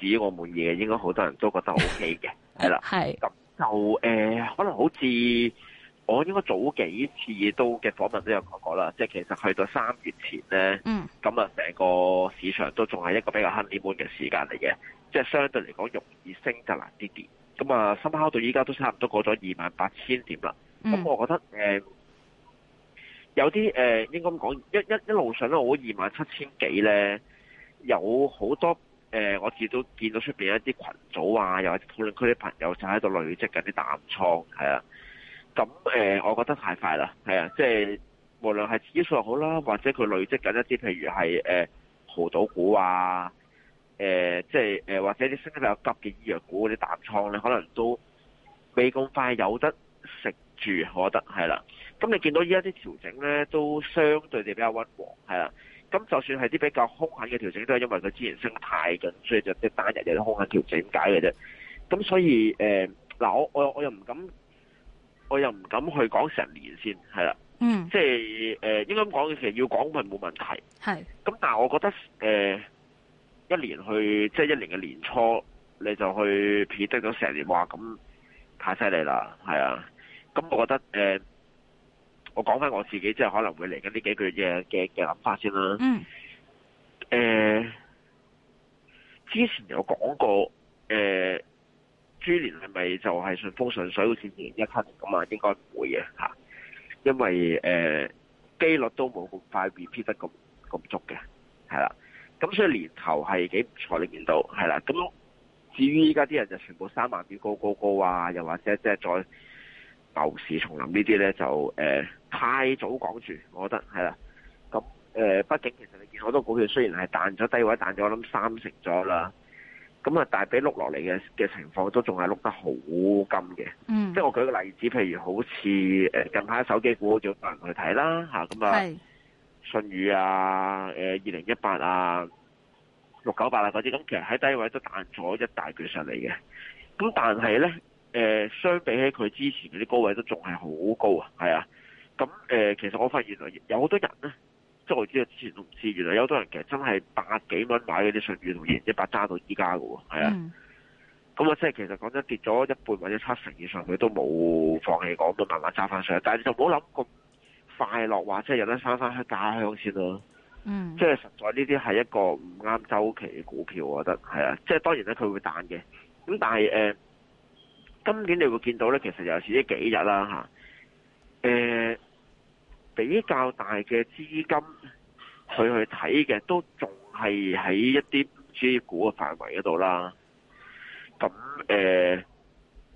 至於我滿意嘅，應該好多人都覺得 OK 嘅，係啦。係 咁就誒、呃，可能好似我應該早幾次都嘅訪問都有講過啦，即係其實去到三月前咧，咁啊成個市場都仲係一個比較 honeymoon 嘅時間嚟嘅，即係相對嚟講容易升嘅難啲跌。咁啊，深敲到依家都差唔多過咗二萬八千點啦。咁我覺得誒、嗯呃、有啲誒、呃、應該咁講，一一一路上都好二萬七千幾咧有好多。誒、呃，我自己都見到出邊一啲群組啊，又或者討論區啲朋友就喺度累積緊啲淡倉，係啊。咁誒、呃，我覺得太快啦，係啊，即係無論係指數又好啦，或者佢累積緊一啲譬如係誒濠島股啊，誒即係或者啲升得比較急嘅醫藥股嗰啲淡倉咧，可能都未咁快有得食住，我覺得係啦。咁你見到依家啲調整咧，都相對地比較溫和，係啦。咁就算係啲比較兇狠嘅調整，都係因為佢之前升太緊，所以就即單日有啲兇狠調整，解嘅啫？咁所以誒，嗱、呃，我我我又唔敢，我又唔敢去講成年先，係啦，嗯、就是，即係誒，應該咁講嘅其實要講係冇問題，係。咁但係我覺得誒、呃，一年去即係、就是、一年嘅年初，你就去撇低咗成年話咁，太犀利啦，係啊。咁我覺得誒。呃我講翻我自己，即係可能會嚟緊呢幾句嘅嘅嘅諗法先啦。嗯。誒、呃，之前有講過，誒、呃，豬年係咪就係順風順水好似二零一七年咁啊？應該唔會嘅嚇，因為誒、呃、機率都冇咁快變 P 得咁咁足嘅，係啦。咁所以年頭係幾唔錯，你見到係啦。咁至於依家啲人就全部三萬點高高高啊，又或者即係再。牛市重臨呢啲咧就誒太早講住，我覺得係啦。咁誒，畢竟其實你見好多股票雖然係彈咗低位，彈咗我諗三成咗啦。咁啊，但係俾碌落嚟嘅嘅情況都仲係碌得好金嘅。嗯。即係我舉個例子，譬如好似誒近排手機股好似有人去睇啦吓，咁啊舜宇啊，誒二零一八啊六九八啊嗰啲，咁其實喺低位都彈咗一大段上嚟嘅。咁但係咧。誒，相比起佢之前嗰啲高位都仲係好高啊，係啊，咁誒，其實我發現原來有好多人咧，即係我知道之前都唔知，原來有好多人其實真係百幾蚊買嗰啲信譽，同然一百揸到依家㗎喎，係啊，咁啊，即係其實講真，跌咗一半或者七成以上，佢都冇放棄講，都慢慢揸翻上，但係你就冇諗咁快樂話，即係有得翻返去家鄉先咯，即、mm. 係實在呢啲係一個唔啱週期嘅股票，我覺得係啊，即係當然咧，佢會彈嘅，咁但係誒。今年你會見到咧，其實又是呢幾日啦嚇。誒比較大嘅資金去去睇嘅，都仲係喺一啲唔知股嘅範圍嗰度啦。咁誒、呃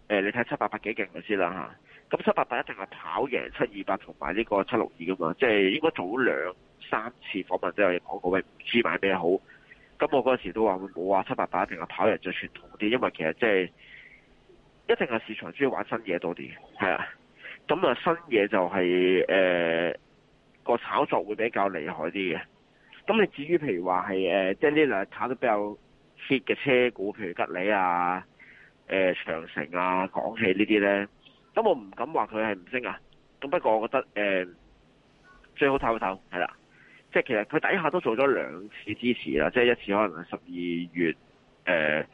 呃、你睇七百八幾勁先啦嚇。咁七百八一定係跑贏七二八同埋呢個七六二噶嘛。即係應該早兩三次訪問都有人講過，喂，唔知買咩好。咁我嗰陣時都話冇話七百八一定係跑贏著傳統啲，因為其實即係。一定係市場中意玩新嘢多啲，啊就是，係、呃、啊，咁啊新嘢就係誒個炒作會比較厲害啲嘅。咁你至於譬如話係誒，即係呢兩日炒得比較 fit 嘅車股，譬如吉利啊、誒、呃、長城啊、廣汽呢啲咧，咁我唔敢話佢係唔升啊。咁不過我覺得誒、呃、最好睇一睇，係啦、啊，即、就、係、是、其實佢底下都做咗兩次支持啦，即、就、係、是、一次可能係十二月，誒、呃、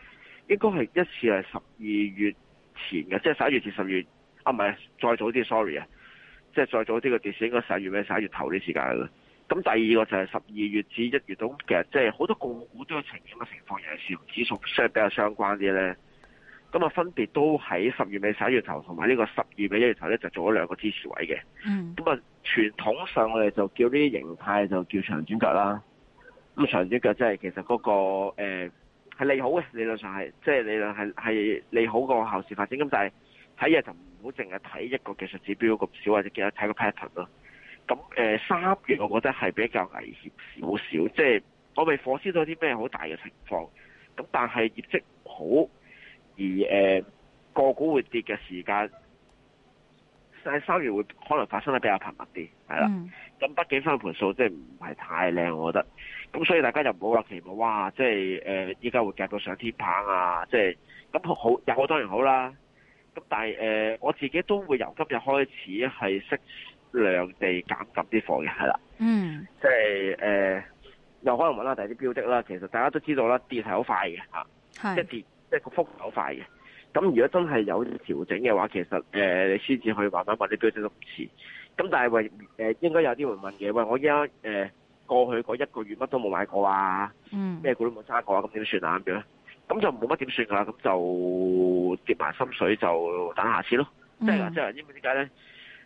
應該係一次係十二月。前嘅，即係十一月至十月，啊唔係，再早啲，sorry 啊，即係再早啲嘅跌市應該十一月尾、十一月頭啲時間啦。咁第二個就係十二月至一月度，其實即係好多個股都有呈現嘅情況，又係同指數相比較相關啲咧。咁啊，分別都喺十月尾、十一月頭，同埋呢個十二月尾、一月頭咧，就做咗兩個支持位嘅。嗯。咁啊，傳統上我哋就叫呢啲形態就叫長轉腳啦。咁長轉腳即係其實嗰、嗰個、欸係利好嘅，理論上係，即係理論係係利好個後市發展。咁但係睇嘢就唔好淨係睇一個技術指標咁少，或者淨係睇個 pattern 咯。咁誒三月我覺得係比較危險少少，即係我未火燒到啲咩好大嘅情況。咁但係業績好而誒個股會跌嘅時間，但係三月會可能會發生得比較頻密啲，係啦。咁畢竟翻盤數即係唔係太靚，我覺得。咁所以大家就唔好話期望，哇！即係誒依家會夾到上天棚啊！即係咁好有好多人好啦。咁但係誒我自己都會由今日開始係適量地減減啲貨嘅，係啦。嗯。即係誒，又可能揾下第啲標的啦。其實大家都知道啦，跌，啊跌，跌係好快嘅吓，即係跌即係個幅好快嘅。咁如果真係有調整嘅話，其實誒、呃、你先至去揾一揾啲標的都唔遲喂。咁但係應該有啲會問嘅，喂，我依家誒。呃過去嗰一個月乜都冇買過啊，咩、嗯、股都冇揸過啊，咁點算啊咁樣？咁就冇乜點算啦，咁就跌埋心水就等下一次咯。嗯、即係即係，因為點解咧？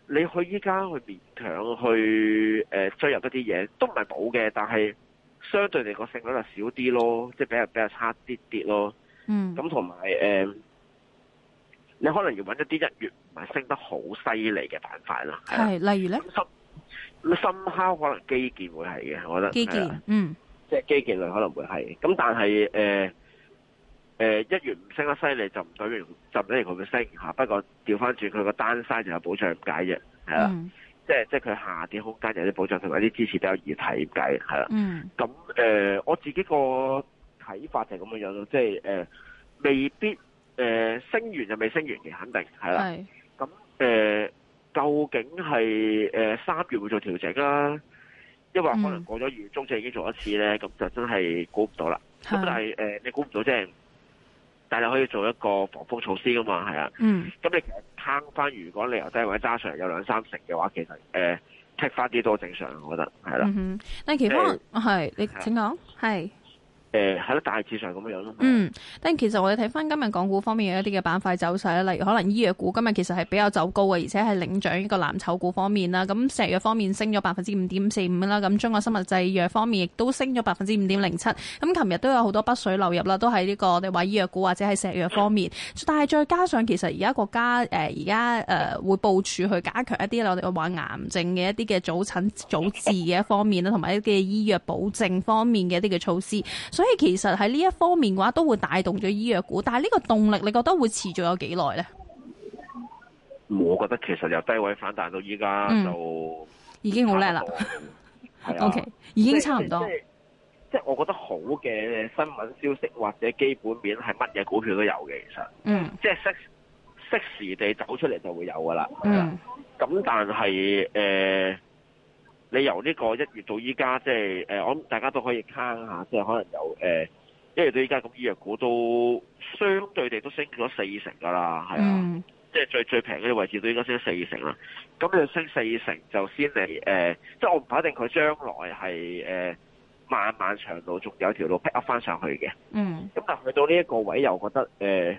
你去依家去勉強去誒、呃、追入一啲嘢，都唔係冇嘅，但係相對嚟講個勝率就少啲咯，即係比較比較差啲啲咯。嗯。咁同埋誒，你可能要揾一啲一月唔係升得好犀利嘅板塊啦。係，例如咧。嗯咁深敲可能基建會係嘅，我覺得基建，基建，嗯，即係基建類可能會係。咁但係誒誒一月唔升得犀利就唔代表，就唔一定佢會升吓。不過調翻轉佢個 downside 就有保、嗯、保障，點解啫？係啦，即係即係佢下跌空間有啲保障，同埋啲支持比較易睇，點解釋？係啦。嗯。咁誒、呃，我自己個睇法就係咁樣樣咯，即係誒未必誒、呃、升完就未升完嘅，肯定係啦。係。咁誒。呃究竟係誒三月會做調整啦、啊，抑或可能過咗月、嗯、中就已經做一次咧，咁就真係估唔到啦。咁但係誒、呃，你估唔到即係，但係你可以做一個防風措施噶嘛，係啊。嗯。咁你其實攤翻，如果你由低位揸上嚟有兩三成嘅話，其實 take 翻啲都正常，我覺得係啦。嗯哼。但其芳，係你請講，係。誒，係大致上咁樣樣咯。嗯，但其實我哋睇翻今日港股方面一啲嘅板塊走勢啦，例如可能醫藥股今日其實係比較走高嘅，而且係領漲呢個藍籌股方面啦。咁石藥方面升咗百分之五點四五啦，咁中國生物製藥方面亦都升咗百分之五點零七。咁琴日都有好多北水流入啦，都喺呢個我哋話醫藥股或者係石藥方面。但係再加上其實而家國家誒而家誒會部署去加強一啲我哋話癌症嘅一啲嘅早診早治嘅一方面啦，同埋一啲嘅醫藥保證方面嘅一啲嘅措施。所以其實喺呢一方面嘅話，都會帶動咗醫藥股。但係呢個動力你覺得會持續有幾耐咧？我覺得其實由低位反彈到依家，嗯、就已經好叻啦。係啊，OK，已經差唔多。即係我覺得好嘅新聞消息或者基本面係乜嘢股票都有嘅，其實。嗯。即係適適時地走出嚟就會有噶啦。嗯。咁、啊、但係誒。呃你由呢個一月到依家，即係誒，我諗大家都可以坑下，即、就、係、是、可能由誒，一、呃、月到依家咁醫藥股都相對地都升咗四成㗎啦，係啊，即、mm. 係最最平嗰啲位置都應該升咗四成啦。咁你升四成就先嚟誒，即、呃、係、就是、我唔肯定佢將來係誒、呃、漫漫長路仲有一條路 pick up 翻上去嘅。嗯。咁但去到呢一個位又覺得誒，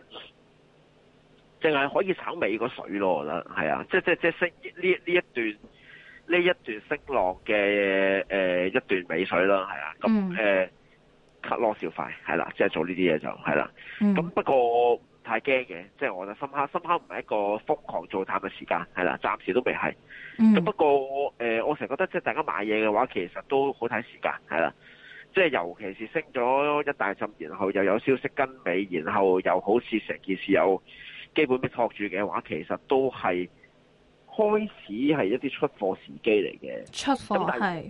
淨、呃、係可以炒尾個水咯，我覺得係啊，即係即即升呢呢一段。呢一段升落嘅誒一段尾水啦，係啦，咁，誒吸攞少快，係啦，即係、就是、做呢啲嘢就係啦。咁、嗯、不過不太驚嘅，即、就、係、是、我就深刻深刻唔係一個瘋狂做淡嘅時間，係啦，暫時都未係。咁、嗯、不過誒、呃，我成日覺得即係大家買嘢嘅話，其實都好睇時間，係啦。即、就、係、是、尤其是升咗一大浸，然後又有消息跟尾，然後又好似成件事有基本俾托住嘅話，其實都係。開始係一啲出貨時機嚟嘅，出貨係。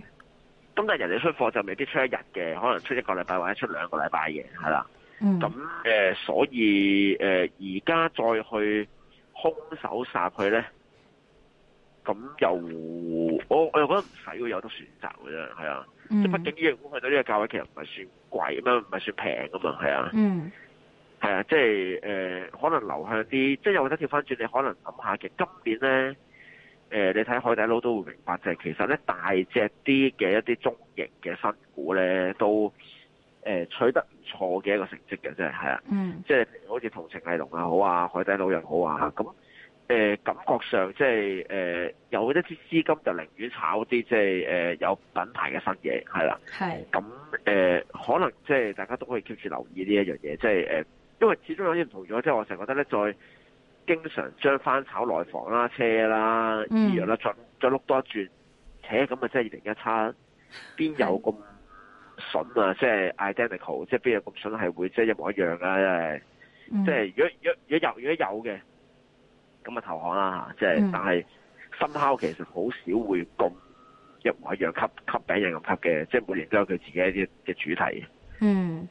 咁但係人哋出貨就未必出一日嘅，可能出一個禮拜或者出兩個禮拜嘅，係啦。咁、嗯、誒、呃，所以誒，而、呃、家再去空手殺佢咧，咁又我我又覺得唔使喎，有得選擇嘅啫，係啊、嗯。即畢竟呢樣股去到呢個價位，其實唔係算貴咁樣，唔係算平噶嘛，係啊。嗯。係啊，即係誒、呃，可能流向啲，即係又或者跳翻轉，你可能諗下嘅，今年咧。誒、呃，你睇海底撈都會明白，就係其實咧大隻啲嘅一啲中型嘅新股咧，都誒、呃、取得唔錯嘅一個成績嘅，即係係啊，嗯，即、mm. 係好似同程藝龍又好啊，海底撈又好啊，咁誒、呃、感覺上即係誒有一啲資金就寧願炒啲即係誒有品牌嘅新嘢，係啦，係，咁誒、呃、可能即係大家都可以 keep 住留意呢一樣嘢，即、就、係、是呃、因為始終有啲唔同咗，即、就、係、是、我成日覺得咧，再。經常將翻炒內房啦、啊、車啦、啊、二、嗯、樣啦、啊，再再碌多一轉，且、欸、咁啊，即係二零一七，邊有咁筍啊？即係 identical，即係邊有咁筍係會即係一模一樣啊？即係即係，如果如果有如果有嘅，咁啊投降啦吓，即係，但係 somehow 其實好少會咁一模一樣吸吸餅印咁吸嘅，即、就、係、是、每年都有佢自己一啲嘅主題嗯。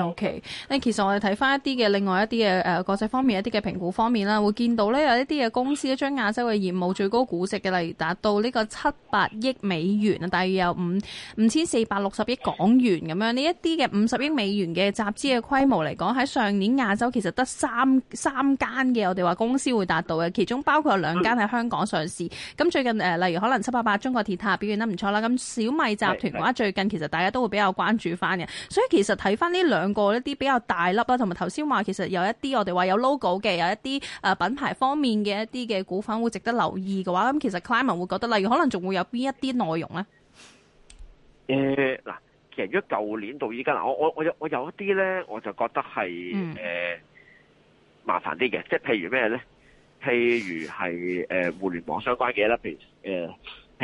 O.K.，其實我哋睇翻一啲嘅另外一啲嘅誒國際方面一啲嘅評估方面啦，會見到呢，有一啲嘅公司咧將亞洲嘅業務最高估值嘅，例如達到呢個七百億美元大約有五五千四百六十億港元咁樣。呢一啲嘅五十億美元嘅集資嘅規模嚟講，喺上年亞洲其實得三三間嘅，我哋話公司會達到嘅，其中包括有兩間喺香港上市。咁最近、呃、例如可能七八八中國鐵塔表現得唔錯啦。咁小米集團嘅話，最近其實大家都會比較關注翻嘅。所以其實睇翻呢兩。兩個一啲比較大粒啦，同埋頭先話，其實有一啲我哋話有 logo 嘅，有一啲誒品牌方面嘅一啲嘅股份會值得留意嘅話，咁其實 Clayman 會覺得，例如可能仲會有邊一啲內容咧？誒，嗱，其實如果舊年到依家，我我我有我有一啲咧，我就覺得係誒、嗯呃、麻煩啲嘅，即係譬如咩咧？譬如係誒、呃、互聯網相關嘅一粒，譬如誒、呃、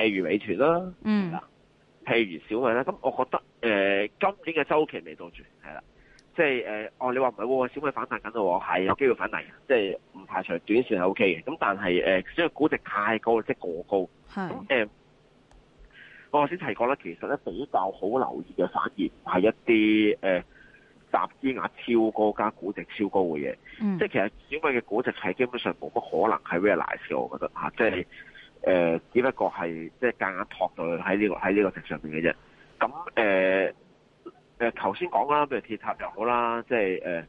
譬如美團啦，嗯。譬如小米咧，咁我覺得誒、呃、今年嘅週期未到住，係啦，即係誒哦，你話唔係喎，小米反彈緊喎，係有機會反彈嘅，即係唔排除短線係 OK 嘅。咁但係誒、呃，因為估值太高，即係過高，咁即、呃、我頭先提過咧，其實咧比較好留意嘅，反而係一啲誒集資額超高加估值超高嘅嘢，嗯、即係其實小米嘅估值係基本上冇乜可能係 realize，我覺得即係。誒、呃，只不過係即係夾硬托到喺呢、這個喺呢個值上邊嘅啫。咁誒誒，頭先講啦，譬如鐵塔又好啦，即係誒，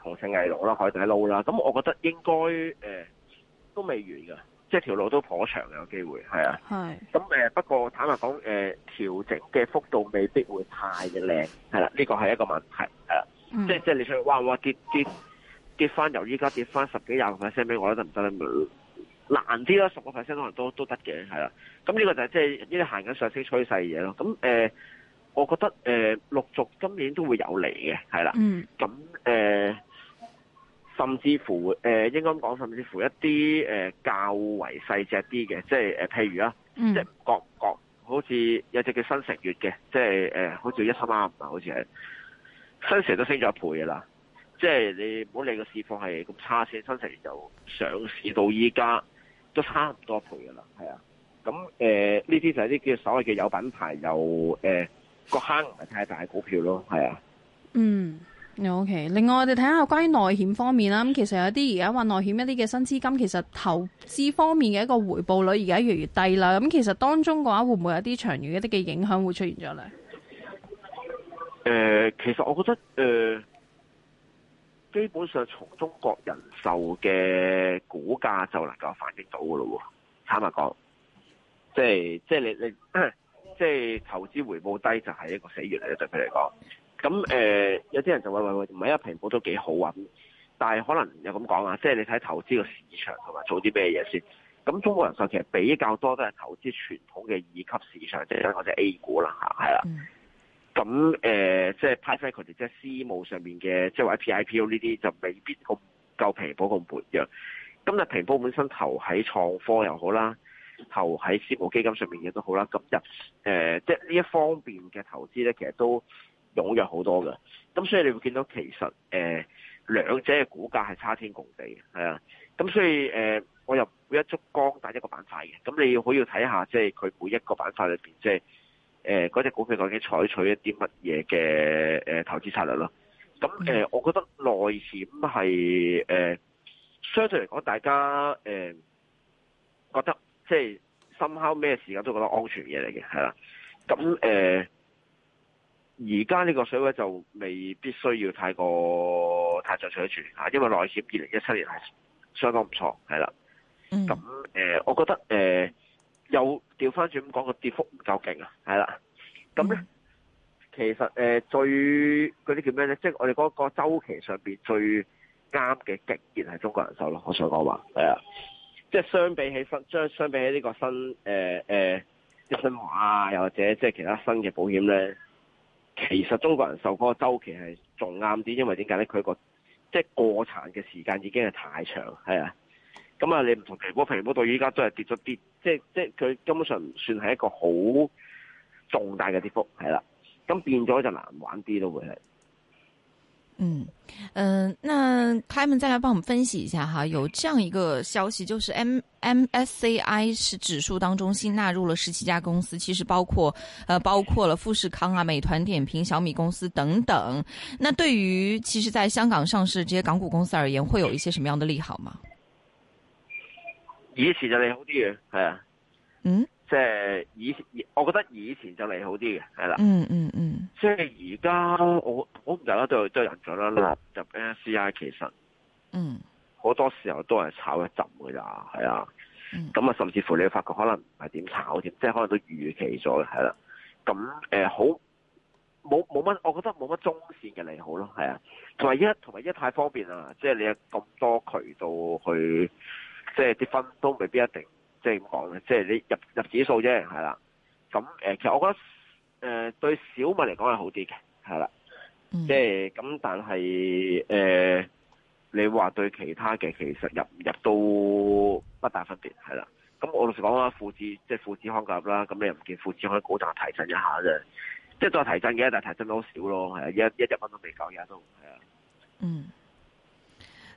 同程藝龍啦，海底撈啦。咁我覺得應該誒、呃、都未完噶，即係條路都頗長嘅機會係啊。係。咁誒、呃，不過坦白講，誒、呃，調整嘅幅度未必會太嘅係啦，呢個係一個問題。係啦、啊，即係即係你去話話跌跌跌翻由依家跌翻十幾廿個 percent 俾我都得唔得咧？難啲啦，十個 percent 可能都都得嘅，係啦。咁呢個就係即係呢啲行緊上升趨勢嘅嘢咯。咁誒、呃，我覺得誒、呃、陸續今年都會有嚟嘅，係啦。咁、嗯、誒、呃，甚至乎誒、呃、應該講，甚至乎一啲誒、呃、較為細隻啲嘅，即係誒、譬如啊，即係唔覺唔覺，好似有隻叫新城悅嘅，即係誒好似一三啱五啊，好似係新城都升咗一倍嘅啦。即係、你唔好理個市況係咁差先，新城悅就上市到依家。都差唔多倍噶啦，係啊，咁誒，呢啲就係啲叫所謂嘅有品牌又誒，個坑唔係太大嘅股票咯，係啊。嗯，OK。另外我哋睇下關於內險方面啦，咁其實有啲而家話內險一啲嘅新資金其實投資方面嘅一個回報率而家越嚟越低啦，咁其實當中嘅話會唔會有啲長遠一啲嘅影響會出現咗咧？誒、呃，其實我覺得誒。呃基本上從中國人壽嘅股價就能夠反映到嘅咯喎，坦白講，即係即係你你即係投資回報低就係一個死穴嚟嘅，對佢嚟講。咁誒、呃、有啲人就話喂，話唔係一平保都幾好啊，但係可能又咁講啊，即係你睇投資個市場同埋做啲咩嘢先。咁中國人壽其實比較多都係投資傳統嘅二級市場，即係或者 A 股啦嚇，係啦。嗯咁誒，即係 private equity 即係私募上面嘅，即係話 P I P O 呢啲就未必咁夠平保咁活躍。今日平保本身投喺創科又好啦，投喺私募基金上面嘅都好啦。咁日誒，即係呢一方面嘅投資咧，其實都踴躍好多嘅。咁所以你會見到其實誒、呃、兩者嘅股價係差天共地係啊。咁所以誒、呃，我會一足光大一個板塊嘅。咁你要好要睇下，即係佢每一個板塊裏面，即係。誒嗰隻股票究竟採取一啲乜嘢嘅誒投資策略咯？咁誒、mm. 呃，我覺得內險係誒、呃、相對嚟講，大家誒、呃、覺得即係深考咩時間都覺得安全嘢嚟嘅，係啦。咁誒，而家呢個水位就未必需要太過太著重一處嚇，因為內險二零一七年係相當唔錯，係啦。咁、mm. 誒、呃，我覺得誒。呃又調返轉咁講，個跌幅唔夠勁啊，係啦，咁、mm-hmm. 呃、呢，其實誒最嗰啲叫咩呢？即係我哋嗰個週期上面最啱嘅極然係中國人壽咯。我想講話係啊，即係、就是、相比起相比起呢個新誒誒、呃呃、新華啊，又或者即係其他新嘅保險呢，其實中國人壽嗰個週期係仲啱啲，因為點解呢？佢、那個即係、就是、過殘嘅時間已經係太長係啊。咁啊，你唔同旗波 o l 到依家都係跌咗跌，即係即係佢根本上算係一個好重大嘅跌幅，係啦。咁變咗就難玩啲咯，會係。嗯，嗯、呃，那 k a 再來幫我們分析一下哈，有這樣一個消息，就是 M M S C I 是指數當中新納入了十七家公司，其實包括，呃，包括了富士康啊、美團點評、小米公司等等。那對於其實，在香港上市這些港股公司而言，會有一些什麼樣的利好嗎？以前就利好啲嘅，係啊，嗯，即係以前，我覺得以前就利好啲嘅，係啦，嗯嗯嗯，即係而家我我唔由得都都人咗啦，入 N C I 其實，嗯，好多時候都係炒一浸嘅咋，係啊，咁，嗯，啊，甚至乎你發覺可能唔係點炒添，即係可能都預期咗嘅，係啦，咁呃好冇冇乜，我覺得冇乜中線嘅利好咯，係啊，同埋一同埋一太方便啦，即係你有咁多渠道去。即係啲分都未必一定，即係點講咧？即係你入入指數啫，係啦。咁誒，其實我覺得誒對小米嚟講係好啲嘅，係啦。即係咁，但係誒、呃，你話對其他嘅其實入唔入都不大分別，係啦。咁我老實講啊，富智即係富智康入啦，咁你又唔見富智康嗰陣提振一下啫，即係再提振嘅，但係提振都好少咯，係啊，一一日蚊都未夠，而家都係啊。嗯。Mm-hmm.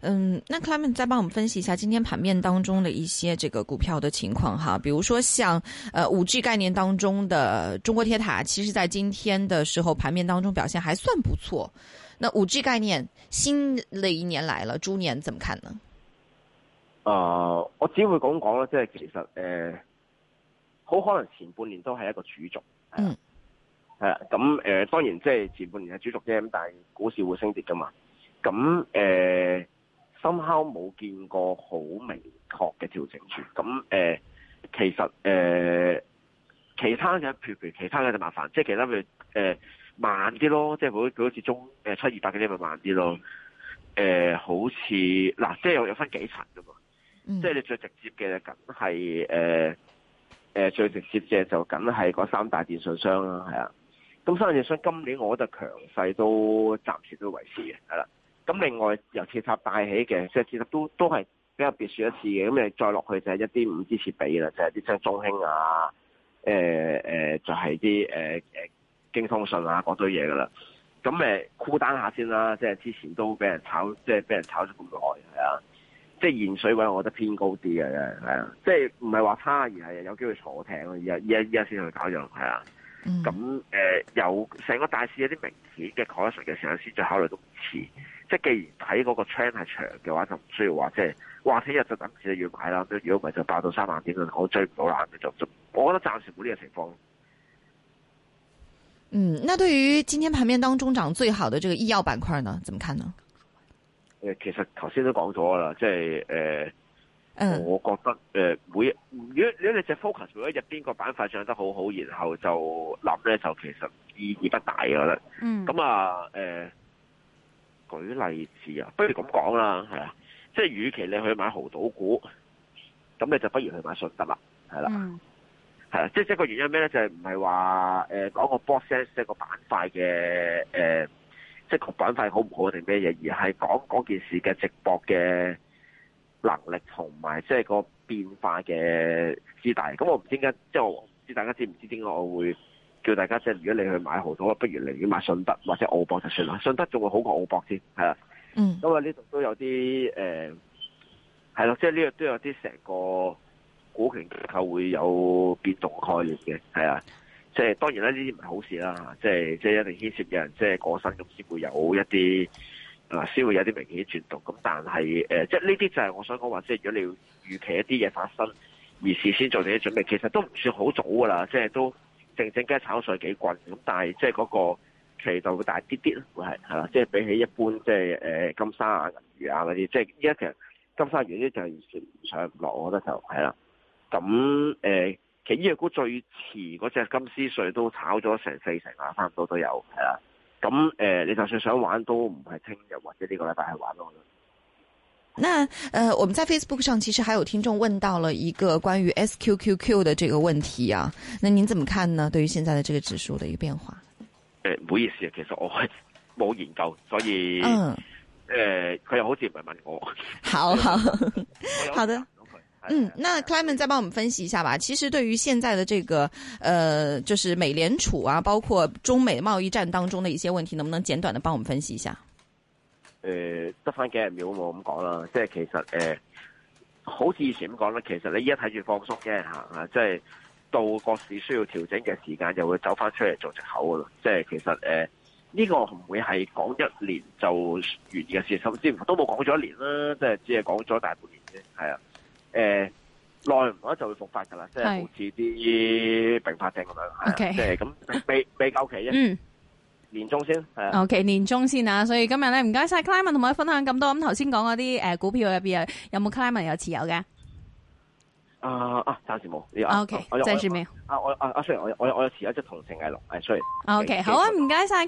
嗯，那 Clarence 再幫我們分析一下今天盤面當中的一些這個股票的情況哈，比如說像，呃五 G 概念當中的中國鐵塔，其實在今天的時候盤面當中表現還算不錯。那五 G 概念新的一年來了，豬年怎麼看呢？啊、呃，我只會講講啦，即係其實誒，好、呃、可能前半年都係一個主軸，嗯係啊，咁、嗯、誒，當然即係前半年係主軸啫，咁但係股市會升跌噶嘛，咁誒。呃深口冇見過好明確嘅調整處，咁、嗯、誒其實誒其他嘅譬如其他嘅就麻煩，即係其他譬如誒慢啲咯，即係好似中誒七二百幾嗰啲咪慢啲咯，誒好似嗱即係有有分幾層嘅嘛。即、就、係、是、你最直接嘅梗係誒誒最直接嘅就梗係嗰三大電信商啦，係啊，咁三大電信商今年我覺得強勢都暫時都維持嘅，係啦。咁另外由鐵塔帶起嘅，即係鐵塔都都係比較別樹一幟嘅，咁你再落去就係一啲 5G 設備啦，就係啲將中興啊，誒、呃、誒就係啲誒京通訊啊嗰堆嘢噶啦。咁咪沽單下先啦，即係之前都俾人炒，即係俾人炒咗咁耐，係啊，即係現水位我覺得偏高啲嘅，真係啊，即係唔係話差而係有機會坐艇咯，而家先去搞樣，係啊。咁誒有成個大市有啲明顯嘅 correction 嘅時候先再考慮都唔遲。即係既然睇嗰個 n 向係長嘅話，就唔需要話即係話聽日就等時就買要買啦。如果唔係就爆到三萬點我追唔到啦。咁就我覺得暫時冇呢個情況。嗯，那對於今天盤面當中漲最好的這個醫藥板塊呢，怎麼看呢？呃、其實頭先都講咗啦，即係誒、呃，我覺得、呃呃、每，如果你隻 focus，如果入邊個板塊漲得好好，然後就諗咧，就其實意義不大嘅，啦嗯。咁啊，誒、呃。嗯.舉例子啊，不如咁講啦，係啊，即係與其你去買豪賭股，咁你就不如去買信德啦，係啦、嗯，即係一個原因咩咧？就係唔係話誒講個 boss 即係一個板塊嘅、呃、即係個板塊好唔好定咩嘢，而係講嗰件事嘅直播嘅能力同埋即係個變化嘅之大。咁我唔知點解，即係我唔知大家知唔知點解我會。叫大家即係，如果你去買濠賭，不如寧願買信德或者澳博就算啦。信德仲會好過澳博先，係啦。嗯。因為呢度都有啲誒，係、呃、咯，即係呢度都有啲成個股權結構會有變動概念嘅，係啊。即係當然咧，呢啲唔係好事啦。即係即係一定牽涉有人即係過身咁，先會有一啲啊，先會有啲明顯啲轉動咁，但係誒、呃，即係呢啲就係我想講話，即係如果你要預期一啲嘢發生而事先做定啲準備，其實都唔算好早噶啦，即係都。正正加炒水幾棍咁，但係即係嗰個期就會大啲啲咯，會係係啦。即係比起一般即係誒金沙啊、銀魚啊嗰啲，即係依一隻金沙魚咧就完全上上落，我覺得就係啦。咁誒，其實呢隻股最遲嗰隻金絲水都炒咗成四成啊，差唔多都有係啦。咁誒、呃，你就算想玩都唔係聽日或者呢個禮拜係玩咯。那呃，我們在 Facebook 上其實還有聽眾問到了一個關於 SQQQ 的這個問題啊，那您怎麼看呢？對於現在的這個指數的一個變化？呃，唔好意思啊，其實我係冇研究，所以，嗯誒，佢、呃、又好似唔係問我。好好、嗯、 好的，嗯，那 Clayman 再幫我們分析一下吧。其實對於現在的這個呃，就是美聯儲啊，包括中美貿易戰當中的一些問題，能不能簡短的幫我們分析一下？誒、呃，得翻幾十秒冇咁講啦，即係其實誒、呃，好似以前咁講啦，其實你依家睇住放鬆嘅吓即係到各市需要調整嘅時間，就會走翻出嚟做藉口噶啦。即係其實誒，呢、呃這個唔會係講一年就完嘅事，甚至都冇講咗一年啦，即係只係講咗大半年啫。係啊，誒、呃，耐唔耐就會復發噶啦，即係好似啲併發症咁樣，即係咁避未夠期啫。嗯嗯年終先係啊。O、okay, K，年終先啊，所以今日咧唔該晒 Clayman 同我分享咁多。咁頭先講嗰啲誒股票入邊啊，有冇 Clayman 有持有嘅？啊、uh, okay, okay, 啊，暫時冇。O K，我再轉面。啊，我啊持 sorry，我我我有持一隻同城藝龍，誒 sorry。O K，好啊，唔該晒。